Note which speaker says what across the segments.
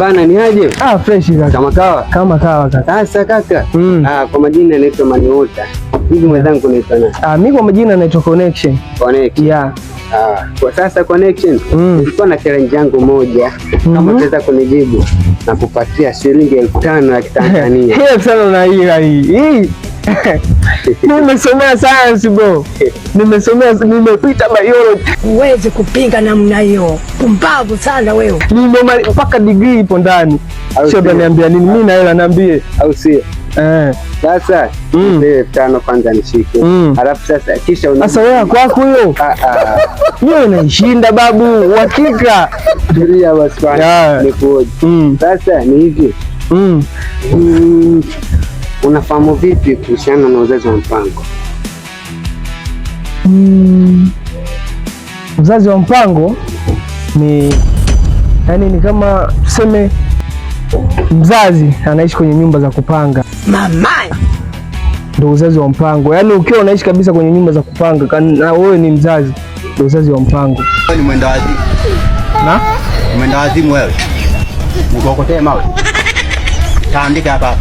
Speaker 1: Bana ni aje?
Speaker 2: Ah, fresh kaka. Kama kawa? Kama kawa
Speaker 1: kaka. Sasa kaka. Mm. Ah, kwa majina naitwa Maniota. Hivi mwenzangu naitwa nani?
Speaker 2: Ah, mimi kwa majina naitwa Connection. Connection. Yeah.
Speaker 1: Ah, kwa sasa Connection, mm. nilikuwa mm. na challenge yangu moja mm -hmm. kama utaweza kunijibu na kupatia shilingi elfu tano ya Kitanzania.
Speaker 2: Hiyo sana na hii hii. nimesomea sayansi bro, nimesomea nimepita biology.
Speaker 3: Uweze kupinga namna hiyo, pumbavu sana wewe.
Speaker 2: Nimemaliza mpaka degree ipo ndani, sio utaniambia nini? Mimi na hela niambie, au sio? Eh,
Speaker 1: sasa mimi mm. tano kwanza nishike, mm. alafu sasa kisha una
Speaker 2: sasa wewe kwako hiyo hiyo ah, inaishinda ah. babu, uhakika
Speaker 1: tulia basi, nikuoje sasa? Ni hivi mm. Unafahamu vipi kuhusiana na uzazi wa mpango?
Speaker 2: Mm, uzazi wa mpango ni yani ni kama tuseme mzazi anaishi kwenye nyumba za kupanga mama, ndo uzazi wa mpango. yani ukiwa unaishi kabisa kwenye nyumba za kupanga na wewe ni mzazi, ndo uzazi wa mpango. Ni mwenda wazimu na
Speaker 1: mwenda wazimu wewe, mkokotee mawe taandika hapa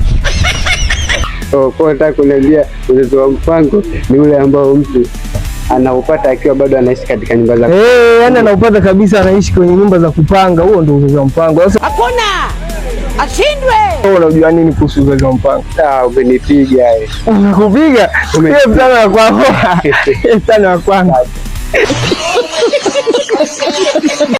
Speaker 1: Nataka kuniambia uzazi wa mpango ni ule ambao mtu anaupata akiwa bado anaishi katika nyumba za
Speaker 2: kupanga. Eh, yani anaupata kabisa, anaishi kwenye nyumba za kupanga. Huo ndio uzazi wa mpango. Sasa
Speaker 3: hakuna ashindwe.
Speaker 1: Unajua nini kuhusu uzazi wa mpango? Ah, umenipiga. Eh.
Speaker 2: Umekupiga? Mtani ya kwangu.